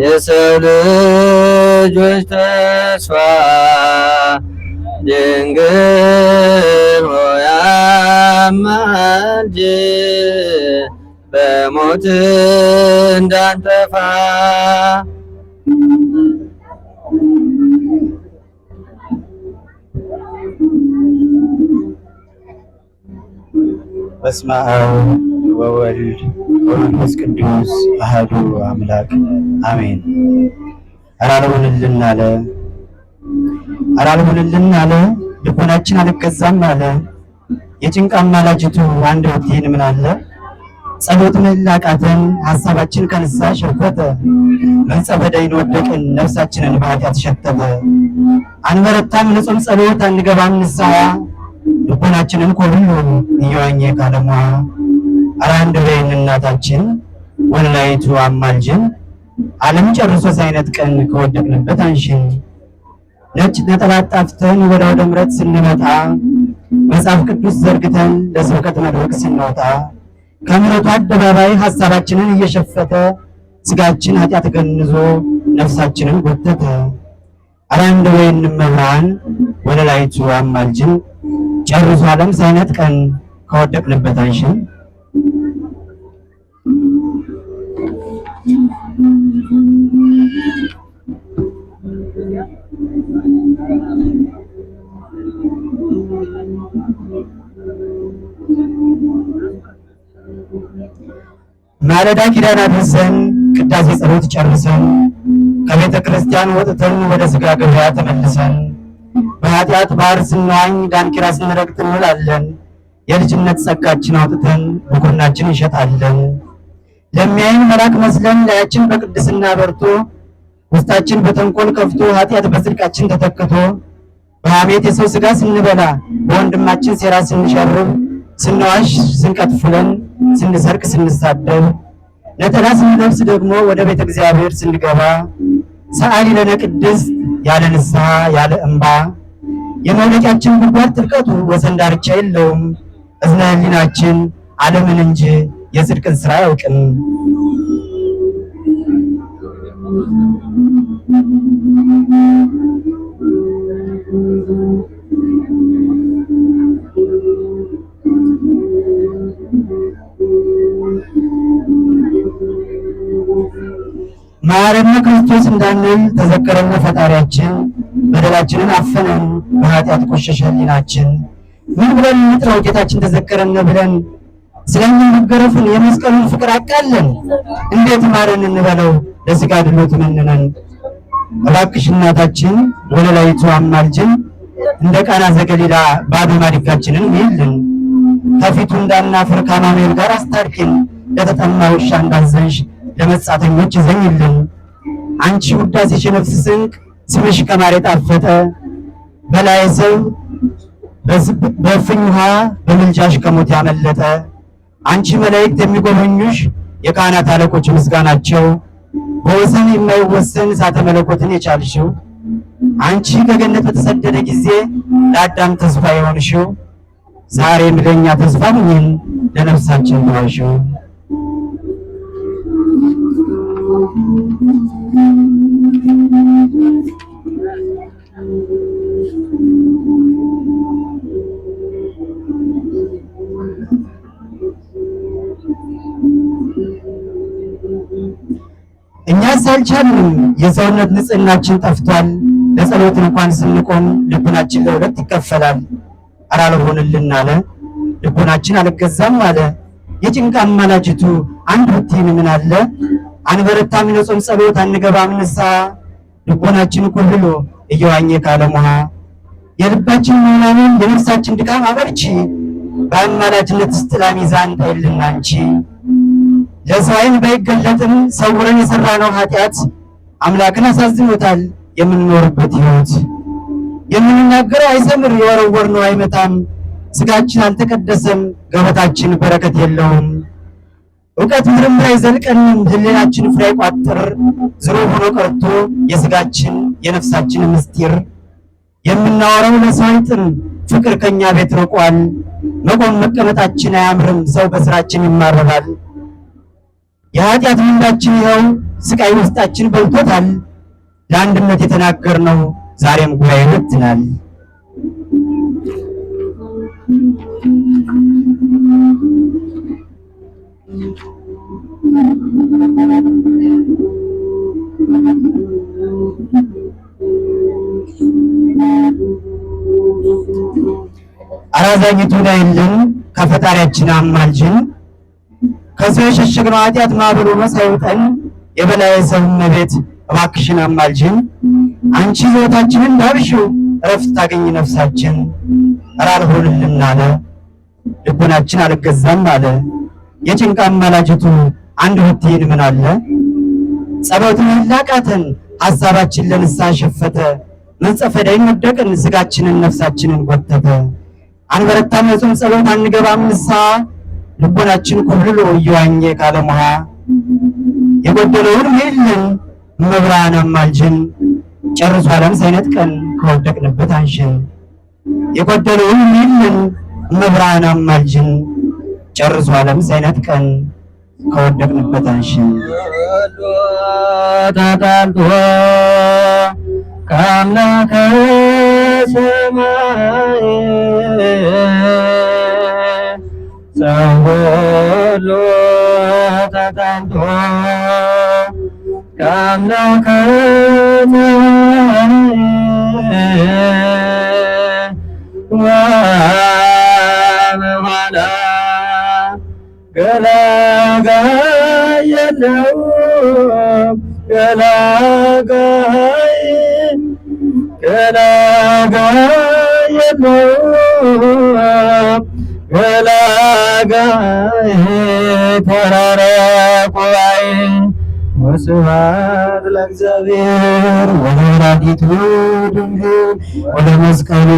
የሰው ልጆች ተስፋ ድንግል ሆይ አማልጅ፣ በሞት እንዳንጠፋ በስመ አብ ወወልድ ወመንፈስ ቅዱስ አህዱ አምላክ አሜን። አራልሆንልን አለ አራልሆንልን አለ ልቦናችን አልገዛም አለ የጭንቅ አማላጅቱ አንድ ወቴን ምን አለ ጸሎት መላቃተን ሀሳባችን ከንሳ ሸፈተ መንጸፈዳይን ወደቅን ነፍሳችንን በኃጢአት ሸተተ። አንበረታም ንጹም ጸሎት አንገባም ንስሐ ልቦናችንን ኮብሉ እየዋኘ ካለሟ አራንድ ወይን እናታችን ወላይቱ አማልጅን ዓለም ጨርሶ ሳይነት ቀን ከወደቅንበት አንሽን ነጭ ነጠላ ጣፍተን ወደ አውደ ምሕረት ስንመጣ መጽሐፍ ቅዱስ ዘርግተን ለስብከት መድረክ ስንወጣ ከምሕረቱ አደባባይ ሀሳባችንን እየሸፈተ ስጋችን ኃጢአት ገንዞ ነፍሳችንን ጎተተ። አራንድ ወይን መብርሃን ወለላይቱ አማልጅን ጨርሶ ዓለም ሳይነት ቀን ከወደቅንበት አንሽን ማለዳ ኪዳን አድርሰን ቅዳሴ ጸሎት ጨርሰን ከቤተ ክርስቲያን ወጥተን ወደ ስጋ ገበያ ተመልሰን በኃጢአት ባህር ስንዋኝ ዳንኪራ ስንረግጥ እንውላለን። የልጅነት ጸጋችን አውጥተን በጎናችን እንሸጣለን። ለሚያይን መልአክ መስለን ላያችን በቅድስና በርቶ ውስጣችን በተንኮል ከፍቶ ኃጢአት በጽድቃችን ተተክቶ በሐሜት የሰው ስጋ ስንበላ በወንድማችን ሴራ ስንሸርብ ስንዋሽ ስንቀጥፍለን ስንሰርቅ ስንሳደብ ነጠላ ነፍስ ደግሞ ወደ ቤተ እግዚአብሔር ስንገባ ሰአሊ ለነ ቅድስት ያለ ንስሐ ያለ እንባ የመውለቂያችን ጉድጓድ ጥልቀቱ ወሰን ዳርቻ የለውም። እዝነ ህሊናችን ዓለምን እንጂ የጽድቅን ስራ አያውቅም። ማረነ ክርስቶስ እንዳንል ተዘከረነ ፈጣሪያችን። በደላችንን አፈነን በኃጢአት ቆሸሸ ሕሊናችን። ምን ብለን እንጥራው ጌታችን ተዘከረነ ብለን ስለኛ መገረፉን የመስቀሉን ፍቅር አቃለን እንዴት ማረን እንበለው? ለስጋ ድሎት መንነን እባክሽ እናታችን ወለላይቱ አማልጅን። እንደ ቃና ዘገሊላ ባዶ ማድጋችንን ይልን ከፊቱ እንዳናፍር ከአማኑኤል ጋር አስታርቂን። ለተጠማ ውሻ እንዳዘንሽ ለመጻተኞች ዘኝልን። አንቺ ውዳሴሽ ነፍስ ስንቅ ስምሽ ከማር የጣፈጠ በላይ ሰብ በእፍኝ ውሃ በምልጃሽ ከሞት ያመለጠ አንቺ መላእክት የሚጎበኙሽ የካህናት አለቆች ምስጋናቸው በወሰን የማይወሰን እሳተ መለኮትን የቻልሽው አንቺ ከገነት በተሰደደ ጊዜ ለአዳም ተስፋ የሆንሽው ዛሬ ምደኛ ተስፋ ሁኚን ለነፍሳችን ተዋሽው። ነው። እኛስ አልቻልንም፣ የሰውነት ንጽህናችን ጠፍቷል። ለጸሎት እንኳን ስንቆም ልቡናችን ለሁለት ይከፈላል። ኧረ አልሆንልን አለ። ልቡናችን አልገዛም አለ። የጭንቅ አማላጅቱ አንድ ብትይ ምን አለ አንበረታም ለጾም ጸሎት አንገባም ንስሐ ልቦናችን ኩህሎ እየዋኘ ካለሙሃ የልባችን ምናምን የነፍሳችን ድካም አበርቺ በአማላጅነት ስጥላ ሚዛን ጣይልን አንቺ ለሰው ዓይን ባይገለጥም ሰውረን የሰራነው ኃጢአት አምላክን አሳዝኖታል የምንኖርበት ሕይወት የምንናገረው አይሰምር የወረወርነው አይመጣም ስጋችን አልተቀደሰም ገበታችን በረከት የለውም እውቀት ምርምር አይዘልቀንም። ህሊናችን ፍሬ አይቋጥር። ዝሮ ሆኖ ቀርቶ የስጋችን የነፍሳችን ምስጢር የምናወራው ለሰው ፍቅር ከኛ ቤት ርቋል። መቆም መቀመጣችን አያምርም። ሰው በስራችን ይማረራል። የኃጢአት ምንዳችን ይኸው ስቃይ ውስጣችን በልቶታል። ለአንድነት የተናገርነው ዛሬም ጉባኤ ይበትናል። አዛኝቱ ላይልን ከፈጣሪያችን አማልጅን ከሰው የሸሸግነው ኃጢአት ማዕበሉ መሳይውጠን የበላይ ሰብ እመቤት እባክሽን አማልጅን። አንቺ ሕይወታችንን ዳብሽው እረፍት ታገኝ ነፍሳችን። ራልሆንልን አለ ልቦናችን አልገዛም አለ የጭንቃ አማላጅቱ አንድ ብትይን ምን አለ ጸሎት ላቃተን ሐሳባችን ለንሳ ሸፈተ መንጸፈ ዳይን ወደቅን ስጋችንን ነፍሳችንን ጎተተ። አንበረታም፣ የጾም ጸሎት አንገባም ንስሐ ልቦናችን ኩብልሎ እየዋኘ ካለ ሙሃ የጎደለውን የለን መብራን አማልጅን ጨርሶ ዓለም ሳይነጥቀን ከወደቅንበት አንሽን የጎደለውን የለን መብራን አማልጅን ጨርሶ ዓለም ሳይነጥቀን ከወደቅንበት አንሽን ተጣልቶ ከአምላክ በሰማይ ሰው ሁሉ ተጠምቶ በኋላ ገላጋ የለው ገላጋ ገላጋይ የለም ገላጋይ ተራራ ቁባይ ወስብሐት ለእግዚአብሔር ወለወላዲቱ ድንግል ወለመስቀሉ